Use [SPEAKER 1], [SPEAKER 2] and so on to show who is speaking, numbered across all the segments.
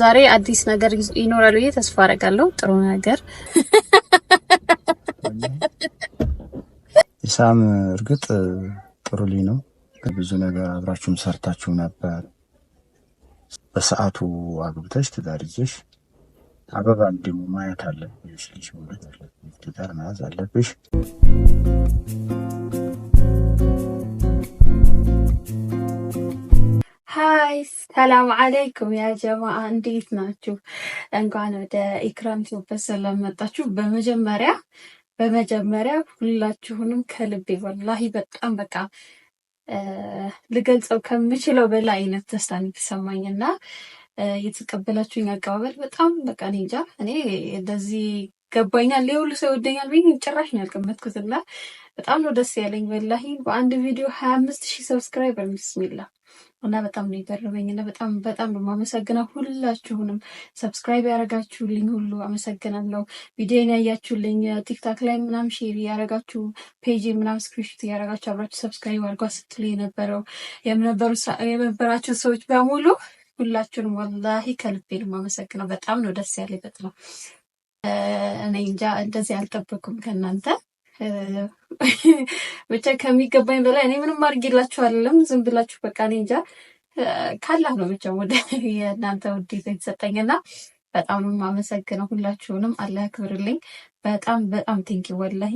[SPEAKER 1] ዛሬ አዲስ ነገር ይኖራል ብዬ ተስፋ አደርጋለሁ። ጥሩ ነገር
[SPEAKER 2] ኢሳም እርግጥ ጥሩ ልጅ ነው። ብዙ ነገር አብራችሁም ሰርታችሁ ነበር። በሰዓቱ አግብተሽ ትዳር ይዘሽ አበባ እንዲሙ ማየት አለብሽ። ልጅ መውለድ አለብሽ። ትዳር መያዝ አለብሽ።
[SPEAKER 1] ሃይ ሰላም አለይኩም ያ ጀማአ እንዴት ናችሁ? እንኳን ወደ ኢክራም ቲዩብ በሰላም መጣችሁ። በመጀመሪያ በመጀመሪያ ሁላችሁንም ከልቤ ወላሂ በጣም በቃ ልገልጸው ከምችለው በላይ አይነት ደስታ ነው የተሰማኝና የተቀበላችሁኝ አቀባበል በጣም በቃ እኔ እንጃ እኔ እንደዚህ ይገባኛል የሁሉ ሰው ይወደኛል ብዬ ጭራሽ ነው ያልቀመጥኩትና በጣም ነው ደስ ያለኝ ወላሂ በአንድ ቪዲዮ ሀያ አምስት ሺህ ሰብስክራይበር ብስሚላ እና በጣም ነው የገረመኝ እና በጣም በጣም ነው የማመሰግነው። ሁላችሁንም ሰብስክራይብ ያደረጋችሁልኝ ሁሉ አመሰግናለሁ። ቪዲዮን ያያችሁልኝ ቲክታክ ላይ ምናም ሼር ያደረጋችሁ ፔጅ ምናም ስክሪንሾት ያደረጋችሁ አብራችሁ ሰብስክራይብ አድርጓ ስትል የነበረው የነበራችሁ ሰዎች በሙሉ ሁላችሁንም ወላሂ ከልቤ ነው የማመሰግነው። በጣም ነው ደስ ያለኝ። በጣም እኔ እንጃ እንደዚህ አልጠበኩም ከእናንተ ብቻ ከሚገባኝ በላይ እኔ ምንም አድርጌላችሁ አይደለም። ዝም ብላችሁ በቃ እኔ እንጃ ካላህ ነው ብቻ ወደ የእናንተ ውዴታ የተሰጠኝና በጣም የማመሰግነው ሁላችሁንም አላህ ያክብርልኝ። በጣም በጣም ቴንኪ ወላሂ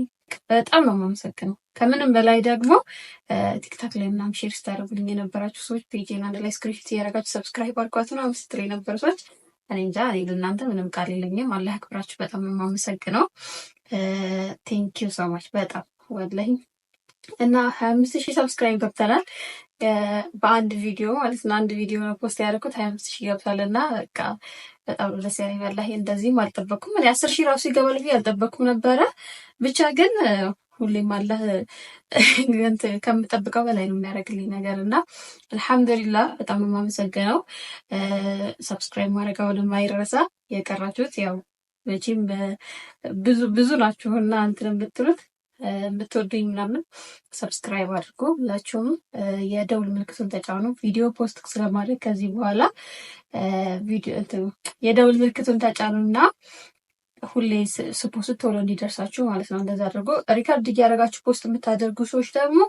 [SPEAKER 1] በጣም ነው የማመሰግነው። ከምንም በላይ ደግሞ ቲክታክ ላይ ምናምን ሼር ስታደርጉልኝ የነበራችሁ ሰዎች ፔጅን አንድ ላይ ስክሪንሾት እያደረጋችሁ ሰብስክራይብ አድርጓት ምናምን ስትል የነበሩ ሰዎች እኔ እንጃ እኔ ለእናንተ ምንም ቃል የለኝም። አላህ ያክብራችሁ። በጣም ነው የማመሰግነው። ቴንኪ ዩ ሶማች በጣም ወላሂ እና ሀያ አምስት ሺህ ሰብስክራይብ ገብተናል በአንድ ቪዲዮ ማለት ነው። አንድ ቪዲዮ ነው ፖስት ያደርኩት ሀያ አምስት ሺህ ገብቷል እና በቃ በጣም ደስ ያለኝ ወላሂ። እንደዚህም አልጠበቅኩም እኔ አስር ሺህ ራሱ ይገባል ብዬ አልጠበቅኩም ነበረ። ብቻ ግን ሁሌም አላህ ከምጠብቀው በላይ ነው የሚያደርግልኝ ነገር እና አልሐምዱሊላህ በጣም የማመሰገነው የማመሰግነው። ሰብስክራይብ ማድረጋውን የማይረሳ የቀራችሁት ያው መቼም ብዙ ብዙ ናችሁና እንትን የምትሉት የምትወዱኝ ምናምን ሰብስክራይብ አድርጎ ሁላችሁም የደውል ምልክቱን ተጫኑ። ቪዲዮ ፖስት ስለማድረግ ከዚህ በኋላ የደውል ምልክቱን ተጫኑና ሁሌ ስፖስት ቶሎ እንዲደርሳችሁ ማለት ነው። እንደዛ አድርጎ ሪካርድ እያደረጋችሁ ፖስት የምታደርጉ ሰዎች ደግሞ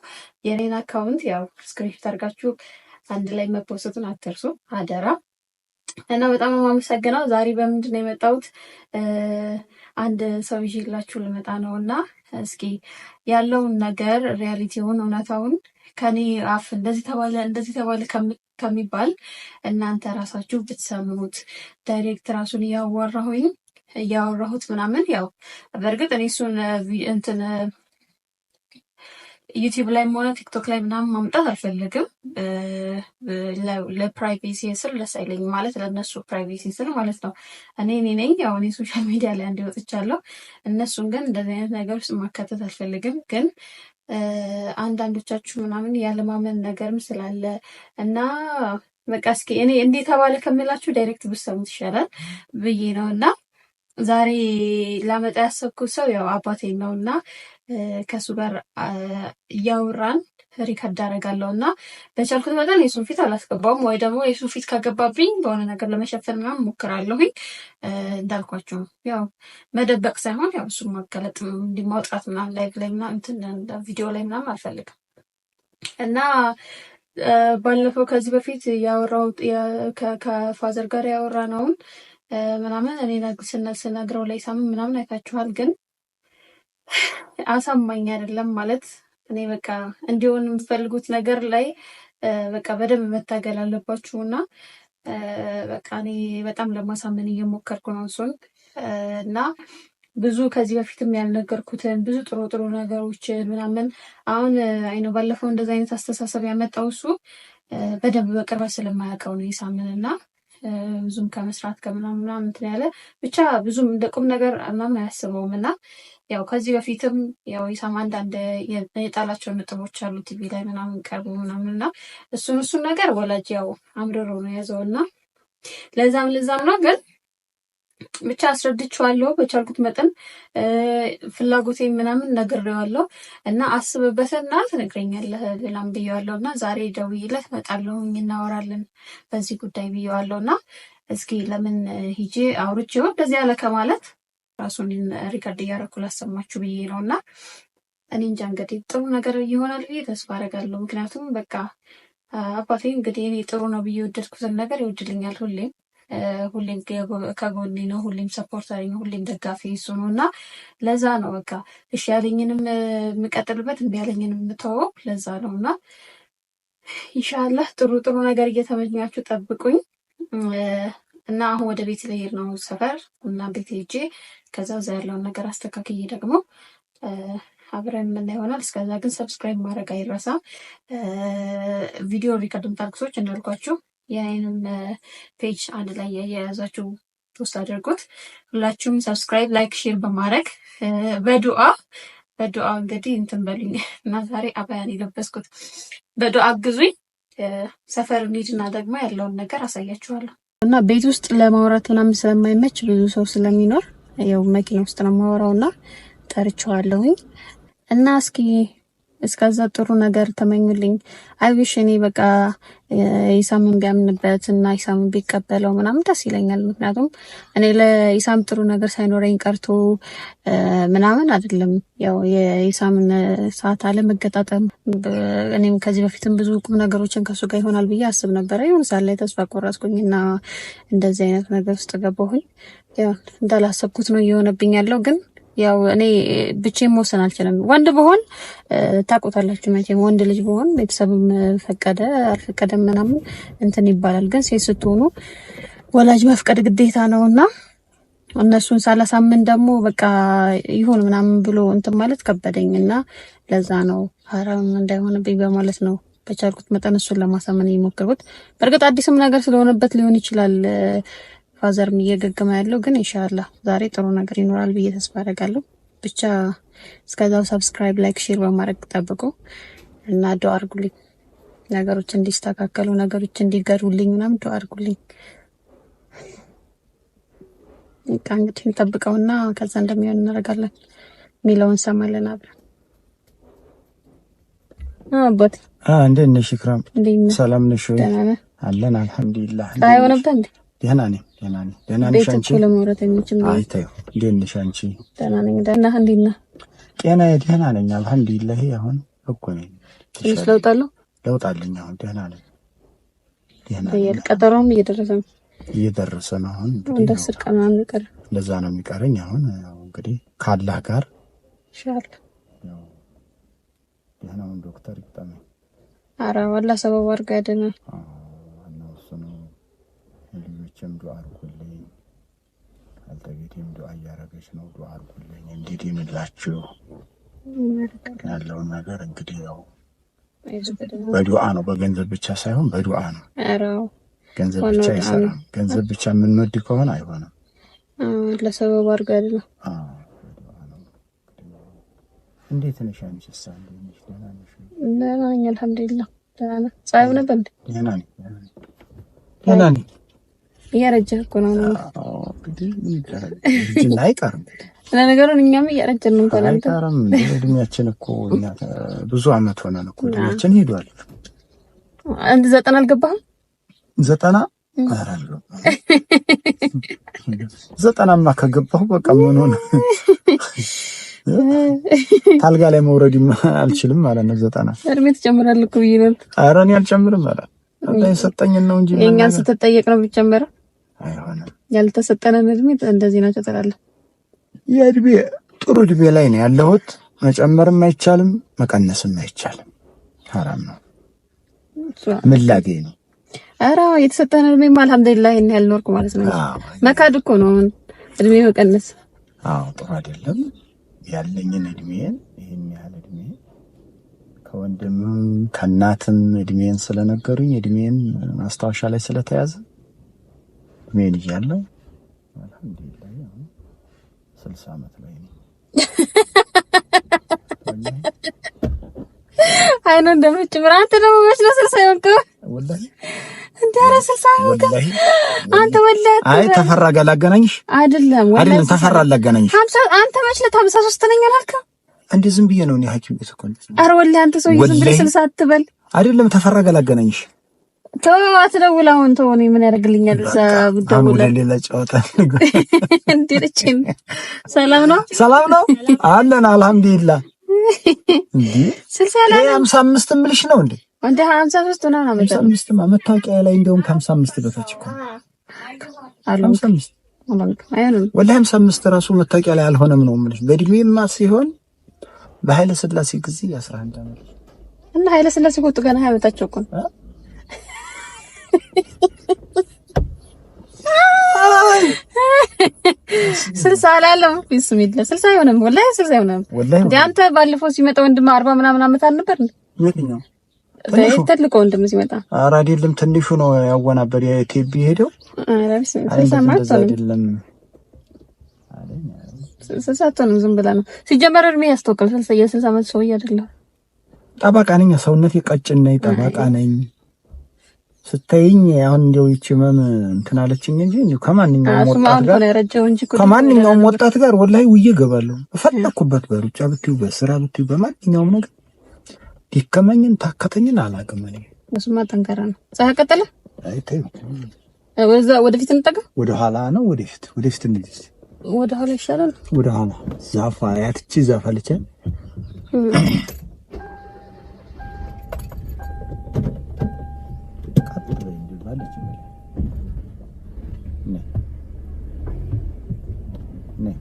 [SPEAKER 1] የኔን አካውንት ያው ስክሪፕት አድርጋችሁ አንድ ላይ መፖስቱን አትርሱ አደራ። እና በጣም የማመሰግነው ዛሬ በምንድን ነው የመጣሁት? አንድ ሰው ይዤላችሁ ልመጣ ነው እና እስኪ ያለውን ነገር ሪያሊቲውን እውነታውን ከኔ አፍ እንደዚህ ተባለ እንደዚህ ተባለ ከሚባል እናንተ ራሳችሁ ብትሰምሙት። ዳይሬክት ራሱን እያወራሁኝ እያወራሁት ምናምን ያው በእርግጥ እኔ እሱን እንትን ዩቲዩብ ላይም ሆነ ቲክቶክ ላይ ምናምን ማምጣት አልፈለግም። ለፕራይቬሲ ስል ደስ አይለኝ ማለት ለእነሱ ፕራይቬሲ ስል ማለት ነው። እኔ እኔ ነኝ ያው እኔ ሶሻል ሚዲያ ላይ እንዲወጥቻለሁ። እነሱን ግን እንደዚህ አይነት ነገር ውስጥ ማካተት አልፈልግም ግን አንዳንዶቻችሁ ምናምን ያለማመን ነገርም ስላለ እና በቃ እስኪ እኔ እንዴት ተባለ ከምላችሁ ዳይሬክት ብሰሙት ይሻላል ብዬ ነው እና ዛሬ ላመጣ ያሰብኩት ሰው ያው አባቴ ነው እና ከእሱ ጋር እያወራን ሪከርድ አደርጋለሁ እና በቻልኩት መጠን የሱን ፊት አላስገባውም፣ ወይ ደግሞ የሱን ፊት ከገባብኝ በሆነ ነገር ለመሸፈን ምናምን ሞክራለሁኝ። እንዳልኳቸው ያው መደበቅ ሳይሆን ያው እሱ ማጋለጥ እንዲማውጣት ምናምን ላይቭ ላይ ምናምን ቪዲዮ ላይ ምናምን አልፈልግም እና ባለፈው ከዚህ በፊት ያወራው ከፋዘር ጋር ያወራ ነውን ምናምን እኔ ስነግረው ላይ ሳምን ምናምን አይታችኋል። ግን አሳማኝ አይደለም ማለት እኔ በቃ እንዲሆን የምትፈልጉት ነገር ላይ በቃ በደንብ መታገል አለባችሁ እና በቃ እኔ በጣም ለማሳመን እየሞከርኩ ነው እሱን እና ብዙ ከዚህ በፊትም ያልነገርኩትን ብዙ ጥሩ ጥሩ ነገሮችን ምናምን አሁን አይነው ባለፈው እንደዚ አይነት አስተሳሰብ ያመጣው እሱ በደንብ በቅርበት ስለማያውቀው ነው የሳምን እና ብዙም ከመስራት ከምናምን ምናምን እንትን ያለ ብቻ ብዙም እንደ ቁም ነገር ምናምን አያስበውም እና ያው ከዚህ በፊትም ያው ይሳም አንዳንድ የጣላቸው ነጥቦች አሉ ቲቪ ላይ ምናምን ቀርቡ ምናምን እና እሱን እሱን ነገር ወላጅ ያው አምርሮ ነው የያዘው እና ለዛም ለዛም ነው ግን ብቻ አስረድቼዋለሁ በቻልኩት መጠን ፍላጎቴ ምናምን ነግሬዋለሁ እና አስብበትና ትነግረኛለህ ብላም ብየዋለሁ እና ዛሬ ደውዬለት እመጣለሁኝ እናወራለን በዚህ ጉዳይ ብየዋለሁ እና እስኪ ለምን ሂጄ አውርቼው እንደዚህ ያለ ከማለት ራሱን ሪከርድ እያደረኩ ላሰማችሁ ብዬ ነው እና እኔ እንጃ እንግዲህ ጥሩ ነገር ይሆናል ብዬ ተስፋ አደርጋለሁ። ምክንያቱም በቃ አባቴ እንግዲህ እኔ ጥሩ ነው ብዬ ወደድኩትን ነገር ይወድልኛል ሁሌም ሁሌም ከጎኔ ነው፣ ሁሌም ሰፖርተሪ ነው፣ ሁሌም ደጋፊ እሱ ነው እና ለዛ ነው በቃ እሺ ያለኝንም የምቀጥልበት እምቢ ያለኝንም የምተወው ለዛ ነው እና ኢንሻላህ ጥሩ ጥሩ ነገር እየተመኛችሁ ጠብቁኝ። እና አሁን ወደ ቤት ልሄድ ነው ሰፈር እና ቤት ሄጄ ከዛ እዛ ያለውን ነገር አስተካክዬ ደግሞ አብረን የምና ይሆናል። እስከዛ ግን ሰብስክራይብ ማድረግ አይረሳ። ቪዲዮ ሪከርድም ታርክሶች እንዳልኳችሁ የኔንም ፔጅ አንድ ላይ የያዛችሁ ፖስት አድርጉት። ሁላችሁም ሰብስክራይብ፣ ላይክ፣ ሼር በማድረግ በዱአ በዱአ እንግዲህ እንትን በሉኝ እና ዛሬ አባያን የለበስኩት በዱአ ግዙኝ ሰፈር እንሂድና ደግሞ ያለውን ነገር አሳያችኋለሁ። እና ቤት ውስጥ ለማውራት ምናምን ስለማይመች ብዙ ሰው ስለሚኖር ያው መኪና ውስጥ ነው ማወራው እና ጠርቸዋለሁኝ እና እስኪ እስከዛ ጥሩ ነገር ተመኙልኝ። አይዊሽ እኔ በቃ ኢሳምን ቢያምንበት እና ኢሳምን ቢቀበለው ምናምን ደስ ይለኛል። ምክንያቱም እኔ ለኢሳም ጥሩ ነገር ሳይኖረኝ ቀርቶ ምናምን አይደለም። ያው የኢሳምን ሰዓት አለመገጣጠም እኔም ከዚህ በፊትም ብዙ ቁም ነገሮችን ከሱ ጋር ይሆናል ብዬ አስብ ነበረ። ይሁን ሳለ ላይ ተስፋ ቆረጥኩኝ እና እንደዚህ አይነት ነገር ውስጥ ገባሁኝ። እንዳላሰብኩት ነው እየሆነብኝ ያለው ግን ያው እኔ ብቼን መወሰን አልችልም። ወንድ በሆን ታቆጣላችሁ መቼም ወንድ ልጅ በሆን ቤተሰብም ፈቀደ አልፈቀደም ምናምን እንትን ይባላል። ግን ሴት ስትሆኑ ወላጅ መፍቀድ ግዴታ ነውና እነሱን ሳላሳምን ደግሞ በቃ ይሁን ምናምን ብሎ እንትን ማለት ከበደኝ እና ለዛ ነው ሐራም እንዳይሆንብኝ በማለት ነው በቻልኩት መጠን እሱን ለማሳመን የሞከርኩት። በእርግጥ አዲስም ነገር ስለሆነበት ሊሆን ይችላል ፋዘርም እየገገመ ያለው ግን ኢንሻአላህ ዛሬ ጥሩ ነገር ይኖራል ብዬ ተስፋ አደርጋለሁ። ብቻ እስከዛው ሰብስክራይብ፣ ላይክ፣ ሼር በማድረግ ጠብቁ እና ዶ አርጉልኝ ነገሮች እንዲስተካከሉ፣ ነገሮች እንዲገሩልኝ ምናምን ዶ አርጉልኝ። በቃ እንግዲህ እንጠብቀውና ከዛ እንደሚሆን እናደርጋለን ሚለውን እንሰማለን አብረን አባት
[SPEAKER 2] እንዴት ነሽ? ክራም ሰላም ነሽ? አለን አልሐምዱሊላህ።
[SPEAKER 1] ፀሐይ ሆነብህ እንዴ?
[SPEAKER 2] ደህና ነኝ፣ ደህና ነኝ፣ ደህና ነሽ አንቺ?
[SPEAKER 1] ለማውራት እንዴት ነሽ አንቺ? ደህና ነኝ። ደህና እንዴት ነህ?
[SPEAKER 2] ደህና ነኝ፣ አልሐምዱሊላህ። አሁን እኮ ነኝ።
[SPEAKER 1] ትንሽ ለውጥ አለው፣
[SPEAKER 2] ለውጥ አለኝ። አሁን ደህና ነኝ፣
[SPEAKER 1] ደህና ነኝ። ቀጠሮም እየደረሰ ነው፣
[SPEAKER 2] እየደረሰ ነው። አሁን እንደ አስር ቀን ለዛ ነው የሚቀረኝ። አሁን እንግዲህ ካላህ ጋር ኢንሻአላህ ደህናውን ዶክተር ይጠመኝ።
[SPEAKER 1] ኧረ ወላሂ ሰበብ አድርጋ ያደናል።
[SPEAKER 2] ለልጆችም ዱዓ አድርጉልኝ። አልተቤቴም ዱዓ እያደረገች ነው። ዱዓ አድርጉልኝ። እንዴት ይምላችሁ ያለውን ነገር እንግዲህ ያው በዱአ ነው፣ በገንዘብ ብቻ ሳይሆን በዱአ ነው። ገንዘብ ብቻ አይሰራም። ገንዘብ ብቻ የምንወድ ከሆነ አይሆንም።
[SPEAKER 1] ለሰበብ አርጋል ነው።
[SPEAKER 2] እንዴት ነሽ አንቺ? ሳለ ደህና ነሽ?
[SPEAKER 1] ደህና ነኝ፣ አልሐምዱሊላህ ደህና ነኝ። ፀሐዩ ነበር እንዴ?
[SPEAKER 2] ደህና ነኝ፣ ደህና ነኝ።
[SPEAKER 1] እያረጀህ እኮ ነው። ለነገሩ እኛም እያረጀን ነው።
[SPEAKER 2] አይቀርም እድሜያችን እኮ ብዙ አመት ሆነን እኮ እድሜያችን ሄዷል።
[SPEAKER 1] አንድ ዘጠና አልገባህም?
[SPEAKER 2] ዘጠና አራሉ ዘጠናማ ከገባሁ በቃ ምን ሆነ? ታልጋ ላይ መውረድ አልችልም ማለት ነው። ዘጠና
[SPEAKER 1] እድሜ ትጨምራለህ እኮ ብዬሽ ነው።
[SPEAKER 2] ኧረ እኔ አልጨምርም ማለት ነው። ነው እንጂ
[SPEAKER 1] የእኛን ስትጠየቅ ነው የሚጨምረው አይሆንም። እድሜ እንደዚህ ናቸው ትላለህ።
[SPEAKER 2] የእድሜ ጥሩ እድሜ ላይ ነው ያለሁት። መጨመርም አይቻልም፣ መቀነስም አይቻልም። ሀራም ነው፣ ምን ላገኝ ነው?
[SPEAKER 1] ኧረ የተሰጠን እድሜማ አልሐምዱሊላህ ይሄን ያህል ኖርኩ ማለት ነው። መካድ እኮ ነው እድሜ መቀነስ።
[SPEAKER 2] አዎ ጥሩ አይደለም። ያለኝን እድሜን ይሄን ያህል እድሜ ከወንድምም ከእናትም እድሜን ስለነገሩኝ እድሜን ማስታወሻ ላይ ስለተያዘ ሜን እያለሁ ስልሳ ዓመት ላይ ነው።
[SPEAKER 1] አይኑ እንደምች ብራንት ነው ነው? ስልሳ ይወልከው አንተ ወላሂ።
[SPEAKER 2] አይ ተፈራ ጋር ላገናኝሽ አይደለም፣ ወላሂ ተፈራ ላገናኝሽ።
[SPEAKER 1] አንተ መች ዕለት ሀምሳ ነኝ አላልከው
[SPEAKER 2] እንዴ? ዝም ብዬ ነው እኔ ሐኪም ቤት እኮ።
[SPEAKER 1] ኧረ ወላሂ አንተ ሰውዬ ዝም ብለህ ስልሳ አትበል።
[SPEAKER 2] አይደለም ተፈራ ጋር ላገናኝሽ
[SPEAKER 1] ተው አትደውል። አሁን ተው፣ እኔ ምን ያደርግልኛል? ሌላ ጨዋታ። ሰላም ነው፣
[SPEAKER 2] ሰላም ነው አለን። አልሐምዱሊላህ። ሀምሳ አምስት ምልሽ ነው እንዴ?
[SPEAKER 1] እንደ ሀምሳ ሶስት ነው
[SPEAKER 2] ነው መታወቂያ ላይ እንደውም ከሀምሳ አምስት በታች እኮ ወላሂ ሀምሳ አምስት ራሱ መታወቂያ ላይ አልሆነም ነው የምልሽ። በእድሜማ ሲሆን በኃይለ ስላሴ ጊዜ አስራ አንድ አመት
[SPEAKER 1] እና ኃይለ ስላሴ ጎጥ ገና ሀያ በታች እኮ ነው ስልሳ አላለም። ቢስሚላ ስልሳ አይሆንም፣ ወላሂ ስልሳ አይሆንም። እንደ አንተ ባለፈው ሲመጣ ወንድም አርባ ምናምን አመት አልነበር እንዴ? የትኛው ትልቁ ወንድም ሲመጣ?
[SPEAKER 2] ኧረ አይደለም ትንሹ ነው ያወናበር የቴቢ ሄደው።
[SPEAKER 1] ኧረ ስልሳ አይደለም፣ ስልሳ አትሆንም። ዝም ብላ ነው ሲጀመር። እድሜ ያስተወቅል። ስልሳ የስልሳ አመት ሰውዬ አይደለም።
[SPEAKER 2] ጠበቃ ነኝ፣ ሰውነት የቀጭን ነኝ፣ ነኝ ስታይኝ አሁን እንደው ይቺ መም እንትን አለችኝ እንጂ እንደው ከማንኛውም
[SPEAKER 1] ወጣት ጋር
[SPEAKER 2] ከማንኛውም ወጣት ጋር ወላሂ ውዬ እገባለሁ። ፈለኩበት በሩጫ ብትዩ በስራ ብትዩ በማንኛውም ነገር ሊከመኝን ታከተኝን አላውቅም። እኔ
[SPEAKER 1] እሱማ ጠንካራ ነው። ፀሐይ ቀጠለ ወደፊት እንጠጋ
[SPEAKER 2] ነው ወደፊት ወደፊት ይሻላል። ወደኋላ ዛፋ ያትቺ ዛፋ ልቻል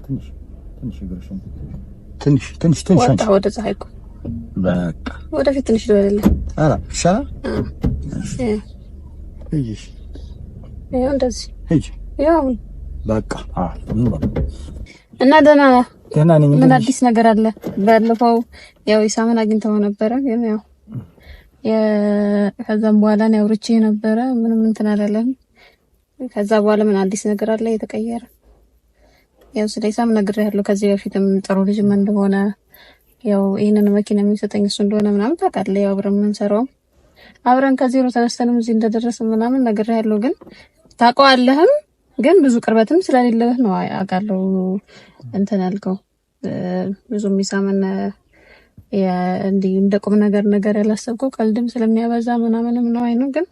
[SPEAKER 2] ትንሽ ትንሽ ይገርሽን ትንሽ ትንሽ ትንሽ ወጣ ወደ ፀሐይ እኮ በቃ
[SPEAKER 1] ወደፊት ትንሽ ደወለለ
[SPEAKER 2] አላ ይሻላል። እሺ ይሄው እንደዚህ እሺ ያው በቃ አዎ እና ደህና ደህና ነኝ።
[SPEAKER 1] ምን አዲስ ነገር አለ? ባለፈው ያው ኢሳምን አግኝተው ነበረ ግን ያው ከዛም በኋላ ነው አውርቼ ነበረ ምንም እንትን አላለም። ከዛ በኋላ ምን አዲስ ነገር አለ የተቀየረ ያው ስለ ኢሳም ነግሬሃለሁ ከዚህ በፊትም ጥሩ ልጅ እንደሆነ ያው ይህንን መኪና የሚሰጠኝ እሱ እንደሆነ ምናምን ታውቃለህ። ያው አብረን የምንሰራውም አብረን ከዜሮ ተነስተንም እዚህ እንደደረስን ምናምን ነግሬሃለሁ። ግን ታውቀዋለህም ግን ብዙ ቅርበትም ስለሌለህ ነው አውቃለሁ። እንትን ያልከው ብዙም ኢሳምን እንዲ እንደ ቁም ነገር ነገር ያላሰብከው ቀልድም ስለሚያበዛ ምናምንም ነው። አይኑ ግን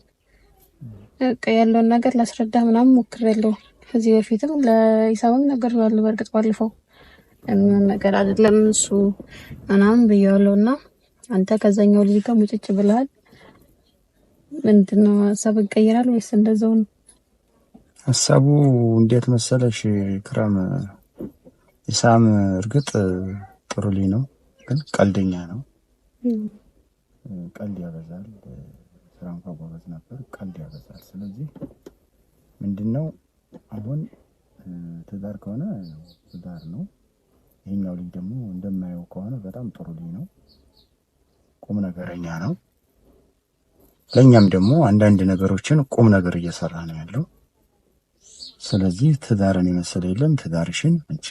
[SPEAKER 1] ያለውን ነገር ላስረዳህ ምናምን ሞክሬያለሁ። ከዚህ በፊትም ለኢሳምም ነገር ያለው በእርግጥ ባለፈው ምንም ነገር አይደለም እሱ ምናምን ብያለሁ። እና አንተ ከዛኛው ልጅ ጋር ሙጭጭ ብለሃል። ምንድን ነው ሀሳብ ይቀይራል ወይስ እንደዛው ነው
[SPEAKER 2] ሀሳቡ? እንዴት መሰለሽ ክረም ኢሳም እርግጥ ጥሩ ልጅ ነው፣ ግን ቀልደኛ ነው። ቀልድ ያበዛል። ስራ እንኳን ጎበዝ ነበር፣ ቀልድ ያበዛል። ስለዚህ ምንድን ነው አሁን ትዳር ከሆነ ትዳር ነው። ይህኛው ልጅ ደግሞ እንደማየው ከሆነ በጣም ጥሩ ልጅ ነው፣ ቁም ነገረኛ ነው። ለእኛም ደግሞ አንዳንድ ነገሮችን ቁም ነገር እየሰራ ነው ያለው። ስለዚህ ትዳርን የመሰለ የለም። ትዳርሽን አንቺ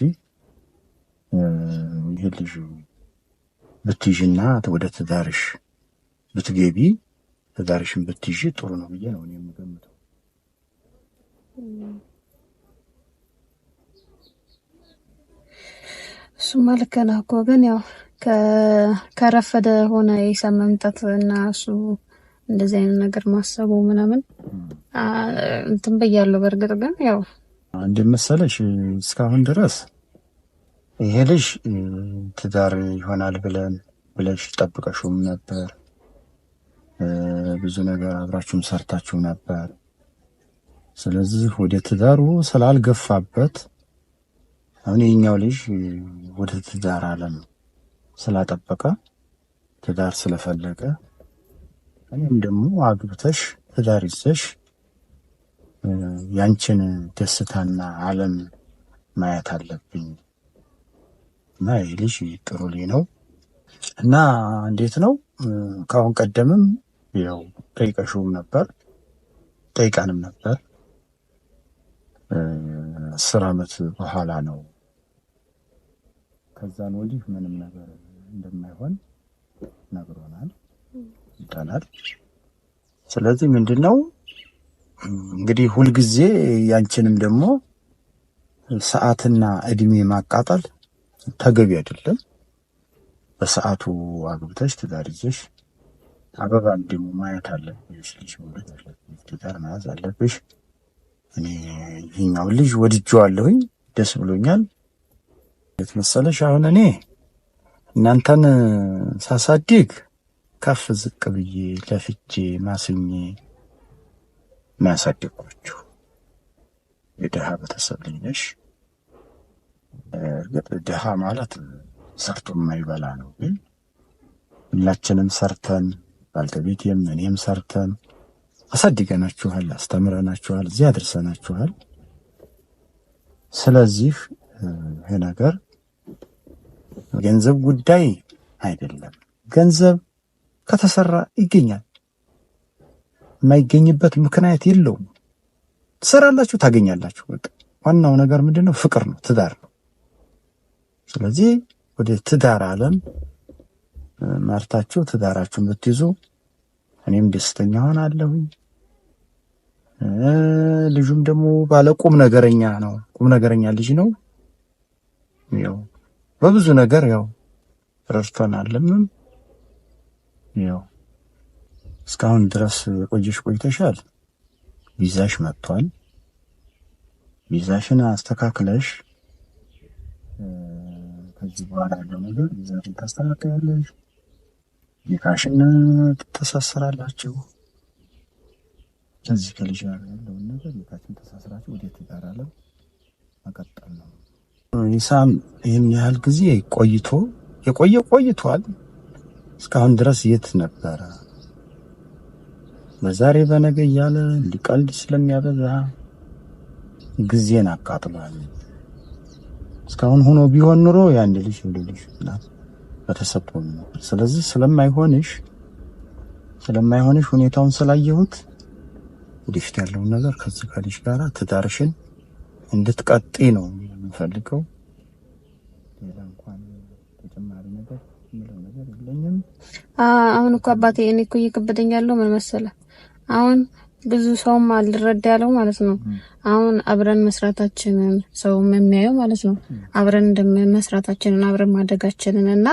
[SPEAKER 2] ይህ ልጅ ብትይዥና ወደ ትዳርሽ ብትገቢ ትዳርሽን ብትይዥ ጥሩ ነው ብዬ ነው የምገምተው።
[SPEAKER 1] እሱማ ልክ ነህ እኮ ግን ያው ከረፈደ ሆነ የሂሳብ መምጣት እና እሱ እንደዚህ አይነት ነገር ማሰቡ ምናምን አ- እንትን ብያለሁ። በእርግጥ ግን ያው
[SPEAKER 2] እንደ እስካሁን ድረስ ይሄ ልጅ ትዳር ይሆናል ብለን ብለሽ ጠብቀሽውም ነበር ብዙ ነገር አብራችሁም ሰርታችሁ ነበር። ስለዚህ ወደ ትዳሩ ስላልገፋበት አሁን የኛው ልጅ ወደ ትዳር አለም ስላጠበቀ ትዳር ስለፈለገ እኔም ደግሞ አግብተሽ ትዳር ይዘሽ ያንቺን ደስታና አለም ማየት አለብኝ እና ይህ ልጅ ጥሩ ልጅ ነው እና እንዴት ነው ከአሁን ቀደምም ያው ጠይቀሽውም ነበር ጠይቃንም ነበር አስር አመት በኋላ ነው ከዛን ወዲህ ምንም ነገር እንደማይሆን ነግሮናል ይጠናል። ስለዚህ ምንድን ነው እንግዲህ ሁልጊዜ ያንቺንም ደግሞ ሰዓትና እድሜ ማቃጠል ተገቢ አይደለም። በሰዓቱ አግብተሽ ትዳር ይዘሽ አበባ ደግሞ ማየት አለብሽ፣ ልጅ መውለድ አለብሽ፣ ትዳር መያዝ አለብሽ። እኔ ይህኛውን ልጅ ወድጄዋለሁኝ፣ ደስ ብሎኛል። የት መሰለሽ አሁን እኔ እናንተን ሳሳድግ ከፍ ዝቅ ብዬ ለፍቼ ማስኜ ማያሳድግኳችሁ የድሃ ቤተሰብ ልጅ ነሽ። እርግጥ ድሃ ማለት ሰርቶ የማይበላ ነው። ግን ሁላችንም ሰርተን ባልተቤቴም እኔም ሰርተን አሳድገናችኋል፣ አስተምረናችኋል፣ እዚህ አድርሰናችኋል። ስለዚህ ይሄ ነገር ገንዘብ ጉዳይ አይደለም። ገንዘብ ከተሰራ ይገኛል። የማይገኝበት ምክንያት የለውም። ትሰራላችሁ፣ ታገኛላችሁ። በቃ ዋናው ነገር ምንድን ነው? ፍቅር ነው፣ ትዳር ነው። ስለዚህ ወደ ትዳር ዓለም ማርታችሁ ትዳራችሁን ብትይዙ እኔም ደስተኛ ሆናለሁ። ልጁም ደግሞ ባለ ቁም ነገረኛ ነው። ቁም ነገረኛ ልጅ ነው። ያው በብዙ ነገር ያው ረድቶናልም ያው እስካሁን ድረስ ቆየሽ ቆይተሻል። ቪዛሽ መጥቷል። ቪዛሽን አስተካክለሽ ከዚህ በኋላ ያለው ነገር ቪዛሽን ታስተካክላለሽ፣ የካሽን ትተሳሰራላችሁ። ከዚህ ከልጅ ያለውን ነገር ኒካሽን ተሳስራችሁ ወደ ትዳር አለም መቀጠል ነው። ኒሳም ይህን ያህል ጊዜ ቆይቶ የቆየ ቆይቷል። እስካሁን ድረስ የት ነበረ? በዛሬ በነገ እያለ ሊቀልድ ስለሚያበዛ ጊዜን አቃጥሏል። እስካሁን ሆኖ ቢሆን ኑሮ የአንድ ልጅ ልጅ በተሰጥቶ ስለዚህ ስለማይሆንሽ ስለማይሆንሽ ሁኔታውን ስላየሁት ወደፊት ያለውን ነገር ከዚህ ከልጅ ጋር ትዳርሽን እንድትቀጥ ነው የምፈልገው። ሌላ እንኳን
[SPEAKER 1] ተጨማሪ ነገር የምለው ነገር የለኝም። አሁን እኮ አባቴ እኔ እኮ እየከበደኝ ያለው ምን መሰለህ፣ አሁን ብዙ ሰውም አልረዳ ያለው ማለት ነው። አሁን አብረን መስራታችንን ሰው የሚያየው ማለት ነው። አብረን እንደመስራታችንን አብረን ማደጋችንን እና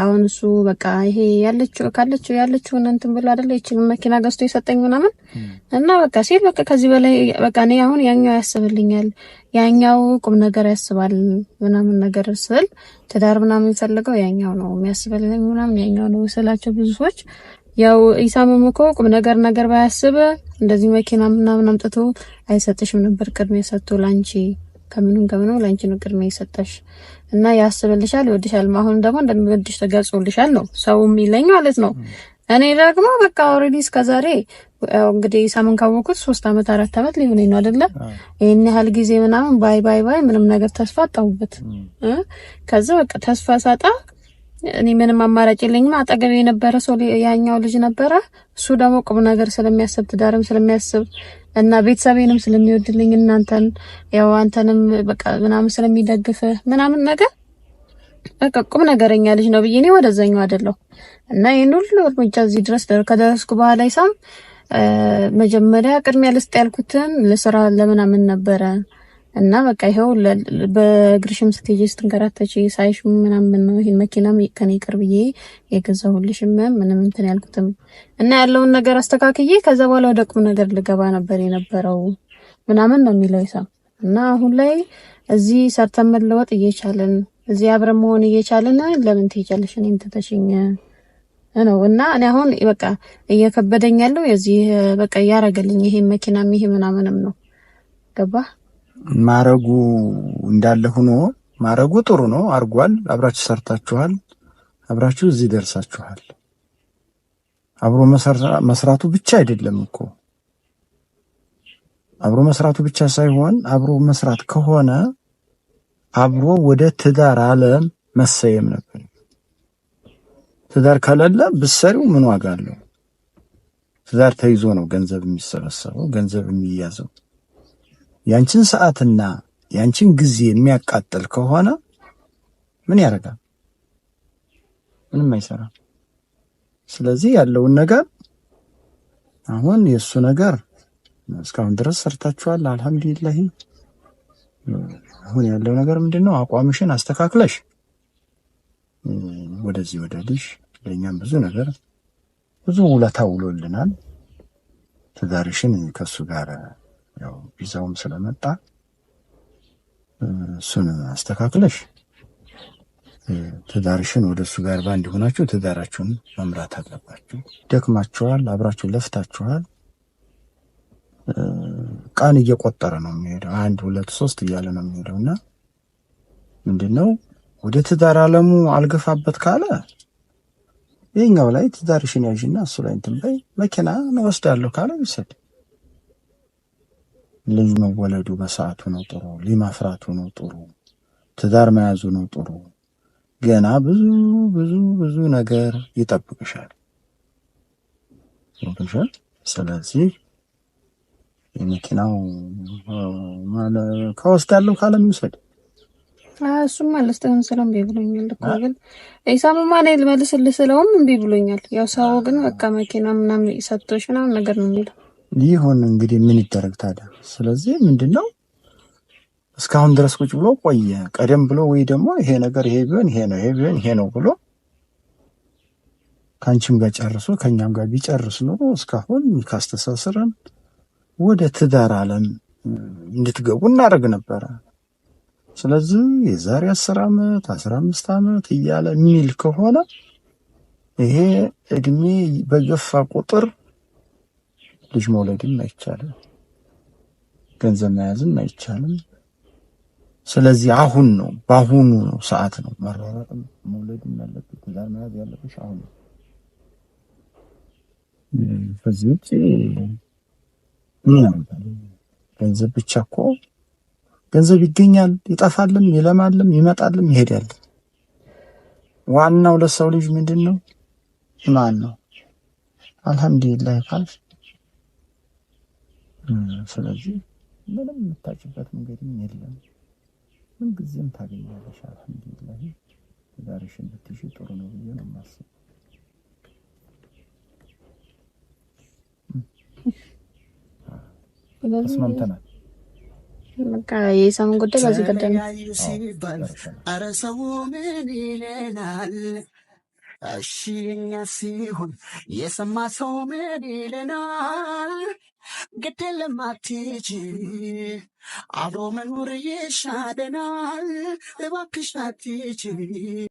[SPEAKER 1] አሁን እሱ በቃ ይሄ ያለችው ካለችው ያለችው እንትን ብሎ አይደለ ይችልም መኪና ገዝቶ የሰጠኝ ምናምን እና በቃ ሲል በቃ ከዚህ በላይ በቃ እኔ አሁን ያኛው ያስብልኛል ያኛው ቁም ነገር ያስባል ምናምን ነገር ስል ትዳር ምናምን ፈልገው ያኛው ነው የሚያስብልኝ ምናምን ያኛው ነው ስላቸው ብዙ ሰዎች ያው ኢሳምም እኮ ቁም ነገር ነገር ባያስብ እንደዚህ መኪና ምናምን አምጥቶ አይሰጥሽም ነበር ቅድሜ ሰጥቶ ላንቺ ከምንም ከምንም ለአንቺ ነው ቅድሚያ የሰጠሽ እና ያስብልሻል፣ ይወድሻል። አሁን ደግሞ እንደሚወድሽ ተገልጾልሻል ነው ሰው የሚለኝ ማለት ነው። እኔ ደግሞ በቃ ኦልሬዲ እስከዛሬ እንግዲህ ሳምን ካወቁት ሶስት አመት አራት አመት ሊሆን ነው አይደለ? ይህን ያህል ጊዜ ምናምን ባይ ባይ ባይ ምንም ነገር ተስፋ አጣሁበት። ከዛ በቃ ተስፋ ሳጣ እኔ ምንም አማራጭ የለኝም። አጠገብ የነበረ ሰው ያኛው ልጅ ነበረ። እሱ ደግሞ ቁም ነገር ስለሚያስብ ትዳርም ስለሚያስብ እና ቤተሰቤንም ስለሚወድልኝ እናንተን ያው አንተንም በቃ ምናምን ስለሚደግፍህ ምናምን ነገር በቃ ቁም ነገረኛ ልጅ ነው ብዬ እኔ ወደዛኛው አይደለሁ እና ይህን ሁሉ እርምጃ እዚህ ድረስ ከደረስኩ በኋላ ይሳም መጀመሪያ ቅድሚያ ልስጥ ያልኩትን ለስራ ለምናምን ነበረ እና በቃ ይኸው በእግርሽም ስትሄጂ ስትንከራተች ሳይሽም ምናምን ነው። ይሄን መኪናም ከኔ ቅርብዬ የገዛሁልሽም ምንም እንትን ያልኩትም እና ያለውን ነገር አስተካክዬ ከዛ በኋላ ወደ ቁም ነገር ልገባ ነበር የነበረው ምናምን ነው የሚለው ይሳ እና አሁን ላይ እዚህ ሰርተን መለወጥ እየቻለን እዚህ አብረን መሆን እየቻለን ለምን ትሄጃለሽ? እኔን ትተሽኝ ነው እና እኔ አሁን በቃ እየከበደኝ ያለው የዚህ በቃ እያረገልኝ ይሄ መኪናም ይሄ ምናምንም ነው ገባ
[SPEAKER 2] ማረጉ እንዳለ ሆኖ ማረጉ ጥሩ ነው፣ አርጓል። አብራችሁ ሰርታችኋል፣ አብራችሁ እዚህ ደርሳችኋል። አብሮ መስራቱ ብቻ አይደለም እኮ አብሮ መስራቱ ብቻ ሳይሆን አብሮ መስራት ከሆነ አብሮ ወደ ትዳር ዓለም መሰየም ነበር። ትዳር ከሌለ ብሰሪው ምን ዋጋ አለው? ትዳር ተይዞ ነው ገንዘብ የሚሰበሰበው፣ ገንዘብ የሚያዘው። ያንቺን ሰዓትና ያንቺን ጊዜ የሚያቃጥል ከሆነ ምን ያደርጋል? ምንም አይሰራም። ስለዚህ ያለውን ነገር አሁን የእሱ ነገር እስካሁን ድረስ ሰርታችኋል፣ አልሐምዱሊላህ። አሁን ያለው ነገር ምንድን ነው? አቋምሽን አስተካክለሽ ወደዚህ ወደ ልጅ ለእኛም ብዙ ነገር ብዙ ውለታ ውሎልናል። ትዳርሽን ጋር ያው ቪዛውም ስለመጣ እሱን አስተካክለሽ ትዳርሽን ወደ እሱ ጋር ባንድ ሆናችሁ ትዳራችሁን መምራት አለባችሁ። ደክማችኋል፣ አብራችሁ ለፍታችኋል። ቃን እየቆጠረ ነው የሚሄደው፣ አንድ ሁለት ሶስት እያለ ነው የሚሄደው እና ምንድን ነው ወደ ትዳር አለሙ አልገፋበት ካለ ይህኛው ላይ ትዳርሽን ያዥና እሱ ላይ እንትን በይ። መኪና ወስዳለሁ ካለ ይሰድ ልጅ መወለዱ በሰዓቱ ነው ጥሩ። ልጅ ነው ጥሩ። ትዳር መያዙ ነው ጥሩ። ገና ብዙ ብዙ ብዙ ነገር ይጠብቅሻል ይጠብቅሻል። ስለዚህ የመኪናው ከውስጥ ያለው ካለም ይውሰድ።
[SPEAKER 1] እሱም አልወስድም ስለው እምቢ ብሎኛል እኮ ግን ኢሳምማ እኔ ልመልስልህ ስለውም እምቢ ብሎኛል። ያው ሰው ግን በቃ መኪና ምናምን ሰጥቶሽ ምናምን ነገር ነው የሚለው
[SPEAKER 2] ይሁን እንግዲህ ምን ይደረግ ታዲያ። ስለዚህ ምንድነው እስካሁን ድረስ ቁጭ ብሎ ቆየ። ቀደም ብሎ ወይ ደግሞ ይሄ ነገር ይሄ ቢሆን ይሄ ነው ይሄ ቢሆን ይሄ ነው ብሎ ከአንቺም ጋር ጨርሶ ከእኛም ጋር ቢጨርስ ኖሮ እስካሁን ካስተሳስረን ወደ ትዳር ዓለም እንድትገቡ እናደርግ ነበረ። ስለዚህ የዛሬ አስር ዓመት አስራ አምስት ዓመት እያለ የሚል ከሆነ ይሄ እድሜ በገፋ ቁጥር ልጅ መውለድም አይቻልም፣ ገንዘብ መያዝም አይቻልም። ስለዚህ አሁን ነው በአሁኑ ነው ሰዓት ነው መራራቅ መውለድም ያለብሽ ትዳር መያዝ ያለብሽ አሁን ነው። ከዚህ ውጭ ገንዘብ ብቻ እኮ ገንዘብ ይገኛል፣ ይጠፋልም፣ ይለማልም፣ ይመጣልም፣ ይሄዳል። ዋናው ለሰው ልጅ ምንድን ነው? ኢማን ነው። አልሐምዱሊላህ ካልሽ ስለዚህ ምንም የምታጭበት መንገድም የለም። ምንጊዜም ታገኛለሽ። አልሐምዱሊላህ ትዳርሽን ብትይሽ ጥሩ ነው ብዬ ነው የማስበው። ተስማምተናል።
[SPEAKER 1] በቃ ጉዳይ በዚህ ሰው ምን ይለናል? እሺ እኛ ሲሆን የሰማ ሰው ምን ይለናል? ግድልም አትች አብሮ መኖር ይሻለናል። እባክሽ አትች